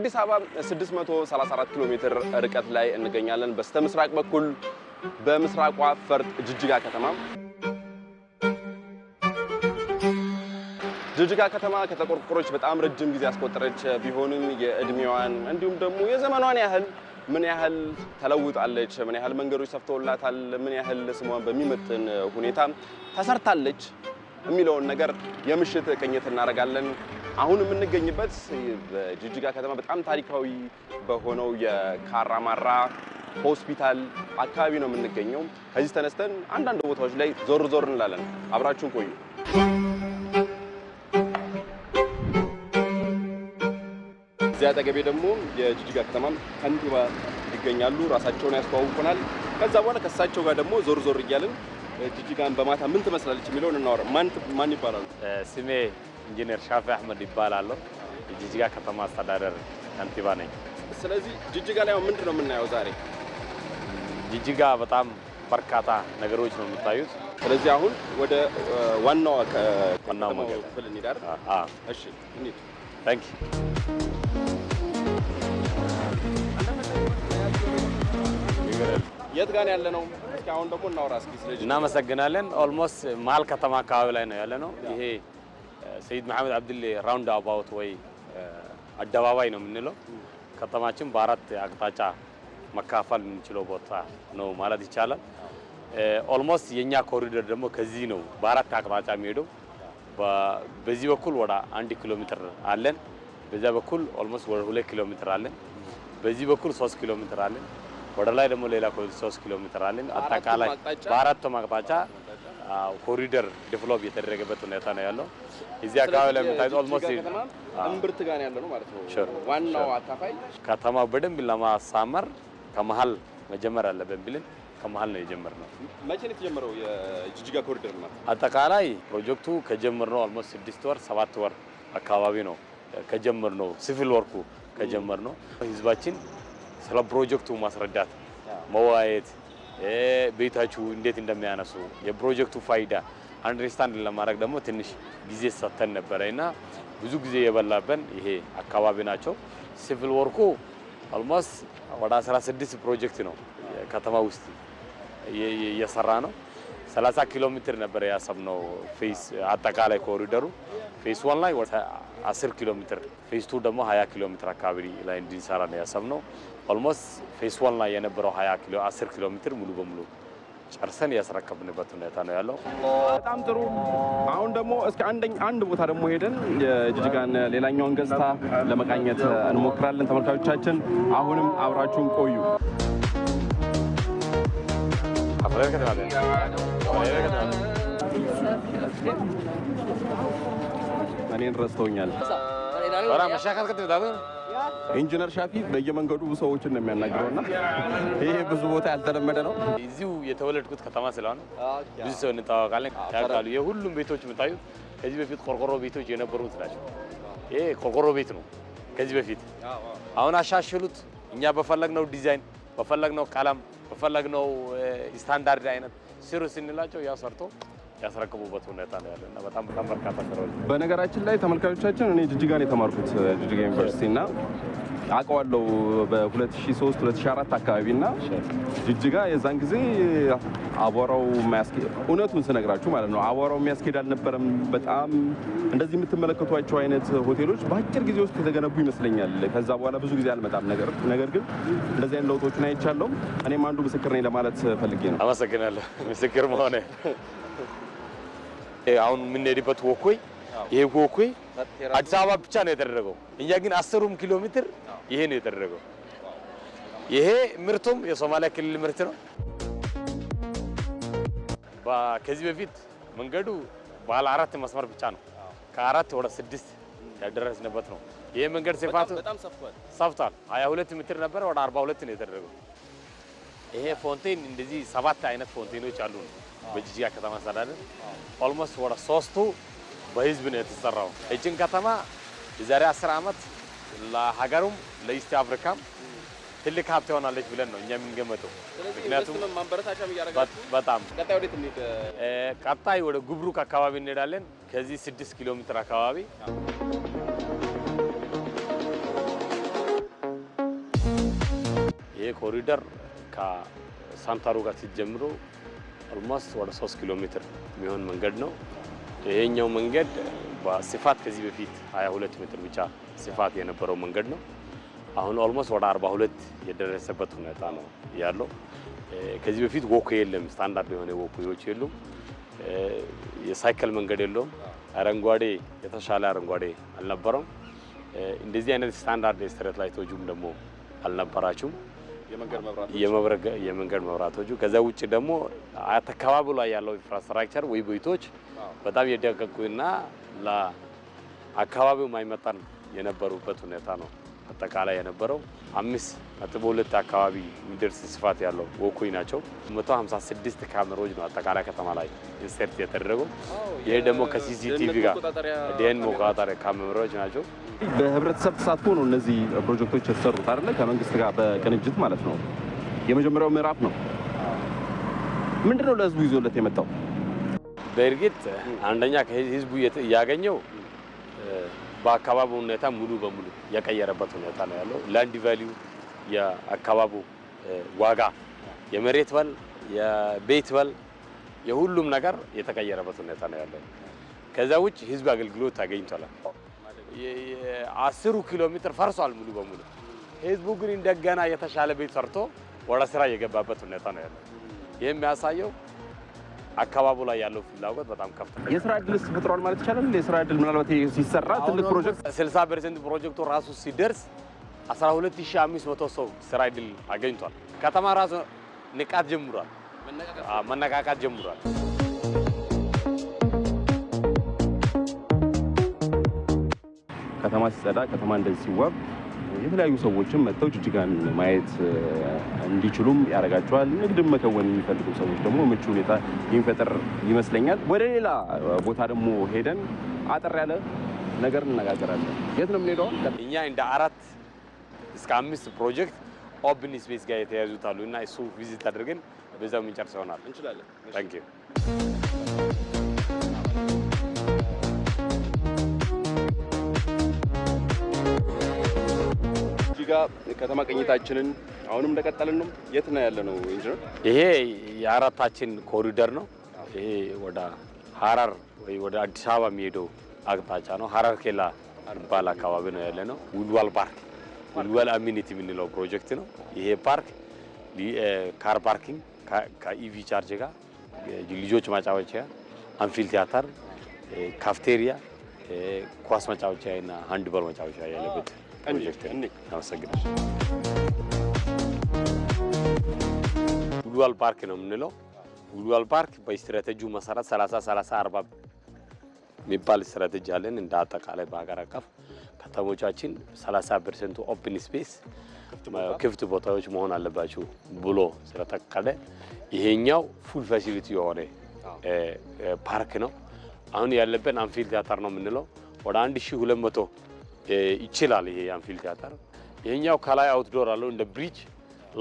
ከአዲስ አበባ 634 ኪሎ ሜትር ርቀት ላይ እንገኛለን። በስተ ምስራቅ በኩል በምስራቋ ፈርጥ ጅጅጋ ከተማ ጅጅጋ ከተማ ከተቆርቆሮች በጣም ረጅም ጊዜ ያስቆጠረች ቢሆንም የእድሜዋን እንዲሁም ደግሞ የዘመኗን ያህል ምን ያህል ተለውጣለች፣ ምን ያህል መንገዶች ሰፍተውላታል፣ ምን ያህል ስሟን በሚመጥን ሁኔታ ተሰርታለች የሚለውን ነገር የምሽት ቅኝት እናደርጋለን። አሁን የምንገኝበት በጅጅጋ ከተማ በጣም ታሪካዊ በሆነው የካራማራ ሆስፒታል አካባቢ ነው የምንገኘው። ከዚህ ተነስተን አንዳንድ ቦታዎች ላይ ዞር ዞር እንላለን። አብራችሁን ቆዩ። እዚያ አጠገቤ ደግሞ የጅጅጋ ከተማ ከንቲባ ይገኛሉ። ራሳቸውን ያስተዋውቁናል። ከዛ በኋላ ከሳቸው ጋር ደግሞ ዞር ዞር እያልን ጅጅጋን በማታ ምን ትመስላለች የሚለውን እናወራ። ማን ይባላሉ? ስሜ ኢንጂነር ሻፊ አህመድ ይባላለሁ። የጅጅጋ ከተማ አስተዳደር ከንቲባ ነኝ። ስለዚህ ጅጅጋ ላይ ምንድን ነው የምናየው ዛሬ? ጅጅጋ በጣም በርካታ ነገሮች ነው የምታዩት። ስለዚህ አሁን ወደ ዋናው ዋናው ክፍል እሺ የት ጋር ያለ ነው? እስኪ አሁን ደግሞ እናውራ እስኪ። ስለዚህ እናመሰግናለን። ኦልሞስት መሀል ከተማ አካባቢ ላይ ነው ያለ ነው ይሄ ሰይድ መሐመድ አብድሌ ራውንድ አባውት ወይ አደባባይ ነው የምንለው። ከተማችን በአራት አቅጣጫ መካፈል የምንችለው ቦታ ነው ማለት ይቻላል። ኦልሞስት የእኛ ኮሪደር ደግሞ ከዚህ ነው በአራት አቅጣጫ የሚሄደው። በዚህ በኩል ወደ አንድ ኪሎ ሜትር አለን። በዚያ በኩል ኦልሞስት ወደ ሁለት ኪሎ ሜትር አለን። በዚህ በኩል ሶስት ኪሎ ሜትር አለን። ወደ ላይ ደግሞ ሌላ ሶስት ኪሎ ሜትር አለን። አጠቃላይ በአራቱም አቅጣጫ ኮሪደር ዲቨሎፕ የተደረገበት ሁኔታ ነው ያለው። እዚህ አካባቢ ላይ የምታዩት ኦልሞስት እምብርት ጋር ያለ ነው ማለት ነው። ዋናው አካፋይ ከተማው በደንብ ለማሳመር ከመሀል መጀመር አለብን ብለን ከመሀል ነው የጀመርነው። መቼ ነው የተጀመረው የጅጅጋ ኮሪደር ልማት? አጠቃላይ ፕሮጀክቱ ከጀመርነው ኦልሞስት ስድስት ወር ሰባት ወር አካባቢ ነው ከጀመርነው ሲቪል ወርኩ ከጀመርነው ህዝባችን ስለ ፕሮጀክቱ ማስረዳት መወያየት ቤታችሁ እንዴት እንደሚያነሱ የፕሮጀክቱ ፋይዳ አንደርስታንድ ለማድረግ ደግሞ ትንሽ ጊዜ ሰተን ነበረ እና ብዙ ጊዜ የበላበን ይሄ አካባቢ ናቸው። ሲቪል ወርኩ አልሞስት ወደ 16 ፕሮጀክት ነው ከተማ ውስጥ እየሰራ ነው። 30 ኪሎ ሜትር ነበር ያሰብነው ፌስ አጠቃላይ ኮሪደሩ ፌስ ዋን ላይ 10 ኪሎ ሜትር ፌስ ቱ ደግሞ 20 ኪሎ ሜትር አካባቢ ላይ እንድንሰራ ነው ያሰብነው። ኦልሞስት ፌስ ዋን ላይ የነበረው 20 ኪሎ 10 ኪሎ ሜትር ሙሉ በሙሉ ጨርሰን ያስረከብንበት ሁኔታ ነው ያለው። በጣም ጥሩ። አሁን ደግሞ እስኪ አንድ ቦታ ደግሞ ሄደን የጅጅጋን ሌላኛውን ገጽታ ለመቃኘት እንሞክራለን። ተመልካቾቻችን አሁንም አብራችሁን ቆዩ። እኔን ረስተውኛል። ኢንጂነር ሻፊ በየመንገዱ ሰዎችን ነው የሚያናግረው እና ይሄ ብዙ ቦታ ያልተለመደ ነው። እዚሁ የተወለድኩት ከተማ ስለሆነ ብዙ ሰው እንታወቃለን ያውቃሉ። የሁሉም ቤቶች የምታዩት ከዚህ በፊት ቆርቆሮ ቤቶች የነበሩት ናቸው። ይሄ ቆርቆሮ ቤት ነው ከዚህ በፊት። አሁን አሻሽሉት። እኛ በፈለግነው ዲዛይን፣ በፈለግነው ቀለም፣ በፈለግነው ስታንዳርድ አይነት ስሩ ስንላቸው ያው ሰርቶ ያስረክቡበት ሁኔታ ነው ያለና በጣም በጣም በርካታ ስራዎች። በነገራችን ላይ ተመልካቾቻችን እኔ ጅጅጋን የተማርኩት ጅጅጋ ዩኒቨርሲቲ እና አውቀዋለሁ በ2003 2004 አካባቢ እና ጅጅጋ የዛን ጊዜ አቧራው የማያስኬድ እውነቱን ስነግራችሁ ማለት ነው አቧራው የሚያስኬድ አልነበረም። በጣም እንደዚህ የምትመለከቷቸው አይነት ሆቴሎች በአጭር ጊዜ ውስጥ የተገነቡ ይመስለኛል። ከዛ በኋላ ብዙ ጊዜ አልመጣም። ነገር ነገር ግን እንደዚህ አይነት ለውጦችን አይቻለሁ። እኔም አንዱ ምስክር ነኝ ለማለት ፈልጌ ነው። አመሰግናለሁ ምስክር መሆነ አሁን የምንሄድበት ወኮይ ይሄ ወኮይ አዲስ አበባ ብቻ ነው የተደረገው። እኛ ግን አስሩም ኪሎ ሜትር ይሄ ነው የተደረገው። ይሄ ምርቱም የሶማሊያ ክልል ምርት ነው። ከዚህ በፊት መንገዱ ባለ አራት መስመር ብቻ ነው። ከአራት ወደ ስድስት ያደረስንበት ነው። ይሄ መንገድ ስፋቱ በጣም ሰፍቷል። 22 ሜትር ነበር ወደ 42 ነው የተደረገው። ይሄ ፎንቴን እንደዚህ ሰባት አይነት ፎንቴኖች አሉ ነው በጅጅጋ ከተማ አስተዳደር ኦልሞስት ወደ ሶስቱ በህዝብ ነው የተሰራው። እጅን ከተማ የዛሬ 10 ዓመት ለሀገሩም ለኢስት አፍሪካም ትልቅ ሀብት ይሆናለች ብለን ነው እኛ የምንገመተው። ምክንያቱም በጣም ቀጣይ ወደ ጉብሩክ አካባቢ እንሄዳለን። ከዚህ 6 ኪሎ ሜትር አካባቢ ይህ ኮሪደር ከሳንታሩ ጋር ሲጀምሮ ኦልሞስት ወደ ሶስት ኪሎ ሜትር የሚሆን መንገድ ነው። ይሄኛው መንገድ በስፋት ከዚህ በፊት 22 ሜትር ብቻ ስፋት የነበረው መንገድ ነው። አሁን ኦልሞስት ወደ 42 የደረሰበት ሁኔታ ነው ያለው። ከዚህ በፊት ወኩ የለም፣ ስታንዳርድ የሆነ ወኩዎች የሉም፣ የሳይክል መንገድ የለውም። አረንጓዴ የተሻለ አረንጓዴ አልነበረም። እንደዚህ አይነት ስታንዳርድ የስትሬት ላይቶቹም ደግሞ አልነበራችሁም። የመንገድ መብራቶቹ። ከዛ ውጭ ደግሞ አካባቢው ላይ ያለው ኢንፍራስትራክቸር ወይ ቤቶች በጣም የደቀቁና ለአካባቢው ማይመጣን የነበሩበት ሁኔታ ነው። አጠቃላይ የነበረው አምስት ነጥብ ሁለት አካባቢ የሚደርስ ስፋት ያለው ወኩኝ ናቸው። 156 ካሜራዎች ነው አጠቃላይ ከተማ ላይ ኢንሰርት የተደረገው። ይሄ ደግሞ ከሲሲቲቪ ጋር ደን መቆጣጠሪያ ካሜሮች ናቸው። በህብረተሰብ ተሳትፎ ነው እነዚህ ፕሮጀክቶች የተሰሩት አይደለ? ከመንግስት ጋር በቅንጅት ማለት ነው። የመጀመሪያው ምዕራፍ ነው። ምንድነው ለህዝቡ ይዞለት የመጣው? በእርግጥ አንደኛ ከህዝቡ ያገኘው በአካባቢው ሁኔታ ሙሉ በሙሉ የቀየረበት ሁኔታ ነው ያለው። ላንድ ቫሊዩ፣ የአካባቢው ዋጋ፣ የመሬት በል፣ የቤት በል፣ የሁሉም ነገር የተቀየረበት ሁኔታ ነው ያለው። ከዛ ውጭ ህዝብ አገልግሎት አገኝቷል። አስሩ ኪሎ ሜትር ፈርሷል ሙሉ በሙሉ። ህዝቡ ግን እንደገና የተሻለ ቤት ሰርቶ ወደ ስራ የገባበት ሁኔታ ነው ያለው። ይህ የሚያሳየው አካባቢው ላይ ያለው ፍላጎት በጣም ከፍተኛ የስራ እድልስ ፈጥሯል ማለት ይቻላል። የስራ እድል ምናልባት ሲሰራ ትልቅ ፕሮጀክት 60 ፐርሰንት ፕሮጀክቱ ራሱ ሲደርስ 12500 ሰው ስራ እድል አገኝቷል። ከተማ ራሱ ንቃት ጀምሯል፣ መነቃቃት ጀምሯል። ከተማ ሲጸዳ፣ ከተማ እንደዚህ ሲዋብ የተለያዩ ሰዎችም መጥተው ጅጅጋን ማየት እንዲችሉም ያደርጋቸዋል። ንግድም መከወን የሚፈልጉ ሰዎች ደግሞ ምቹ ሁኔታ የሚፈጥር ይመስለኛል። ወደ ሌላ ቦታ ደግሞ ሄደን አጠር ያለ ነገር እንነጋገራለን። የት ነው የምንሄደው? እኛ እንደ አራት እስከ አምስት ፕሮጀክት ኦፕን ስፔስ ጋር የተያያዙት አሉ እና እሱ ቪዚት አድርገን በዛው የምንጨርስ ይሆናል እንችላለን። ታንኪዩ ጋር ከተማ ቅኝታችንን አሁንም እንደቀጠልን ነው። የት ነው ያለ ነው ኢንጂነር? ይሄ የአራታችን ኮሪደር ነው። ይሄ ወደ ሀረር ወይ ወደ አዲስ አበባ የሚሄደው አቅጣጫ ነው። ሀረር ኬላ ባል አካባቢ ነው ያለ ነው። ውልዋል ፓርክ ውልዋል አሚኒቲ የምንለው ፕሮጀክት ነው። ይሄ ፓርክ ካር ፓርኪንግ ከኢቪ ቻርጅ ጋር፣ ልጆች ማጫወቻ፣ አንፊል ቲያታር፣ ካፍቴሪያ፣ ኳስ መጫወቻ እና ሃንድባል መጫወቻ ያለበት ፕሮጀክት አመሰግናል። ፓርክ ነው የምንለው። ጉድጓድ ፓርክ በስትራቴጂው መሰረት 30 30 40 የሚባል ስትራቴጂ አለን። እንደ አጠቃላይ በሀገር አቀፍ ከተሞቻችን 30 ፐርሰንቱ ኦፕን ስፔስ ክፍት ቦታዎች መሆን አለባቸው ብሎ ስለተከለ ይሄኛው ፉል ፋሲሊቲ የሆነ ፓርክ ነው። አሁን ያለብን አንፊል ቲያትር ነው የምንለው ወደ 1200 ይችላል። ይሄ የአንፊልድ ቲያትር ይሄኛው ከላይ አውትዶር አለው እንደ ብሪጅ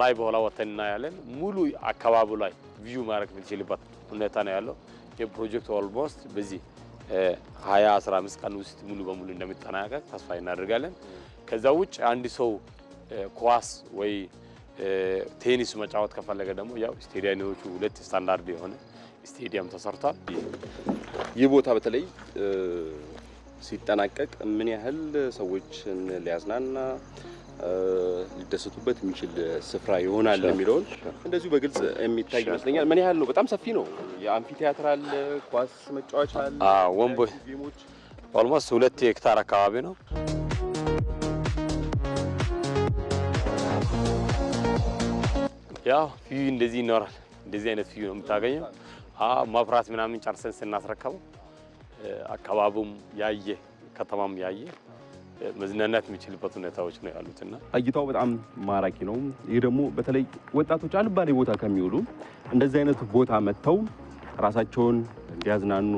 ላይ በኋላ ወተን እናያለን። ሙሉ አካባቢ ላይ ቪዩ ማድረግ የምትችልበት ሁኔታ ነው ያለው። የፕሮጀክት ኦልሞስት በዚህ 2015 ቀን ውስጥ ሙሉ በሙሉ እንደሚጠናቀቅ ተስፋ እናደርጋለን። ከዛ ውጭ አንድ ሰው ኳስ ወይ ቴኒስ መጫወት ከፈለገ ደግሞ ያው ስቴዲያኖቹ ሁለት ስታንዳርድ የሆነ ስቴዲየም ተሰርቷል። ይህ ቦታ በተለይ ሲጠናቀቅ ምን ያህል ሰዎችን ሊያዝናና ሊደሰቱበት የሚችል ስፍራ ይሆናል የሚለውን እንደዚሁ በግልጽ የሚታይ ይመስለኛል። ምን ያህል ነው? በጣም ሰፊ ነው። የአምፊ ቲያትር አለ፣ ኳስ መጫወቻ አለ፣ ወንቦች ኦልሞስት ሁለት ሄክታር አካባቢ ነው። ያው ፊዩ እንደዚህ ይኖራል። እንደዚህ አይነት ፊዩ ነው የምታገኘው። ማፍራት ምናምን ጨርሰን ስናስረከበው አካባቢውም ያየ ከተማም ያየ መዝናናት የሚችልበት ሁኔታዎች ነው እና እይታው በጣም ማራኪ ነው። ይህ ደግሞ በተለይ ወጣቶች አልባሌ ቦታ ከሚውሉ እንደዚህ አይነት ቦታ መጥተው ራሳቸውን እንዲያዝናኑ፣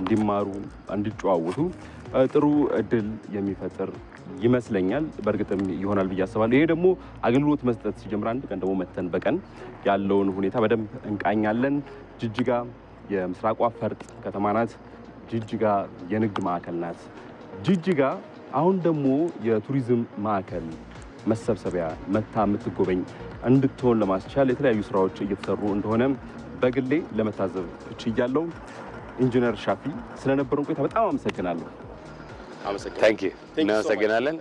እንዲማሩ፣ እንዲጨዋወቱ ጥሩ እድል የሚፈጥር ይመስለኛል። በእርግጥም ይሆናል ብዬ አስባለሁ። ይሄ ደግሞ አገልግሎት መስጠት ሲጀምር አንድ ቀን ደግሞ መተን በቀን ያለውን ሁኔታ በደንብ እንቃኛለን። ጅጅጋ የምስራቋ ፈርጥ ከተማ ናት። ጅጅጋ የንግድ ማዕከል ናት። ጅጅጋ አሁን ደግሞ የቱሪዝም ማዕከል መሰብሰቢያ መታ የምትጎበኝ እንድትሆን ለማስቻል የተለያዩ ስራዎች እየተሰሩ እንደሆነ በግሌ ለመታዘብ እችያለሁ። ኢንጂነር ሻፊ ስለነበረን ቆይታ በጣም አመሰግናለሁ። እናመሰግናለን።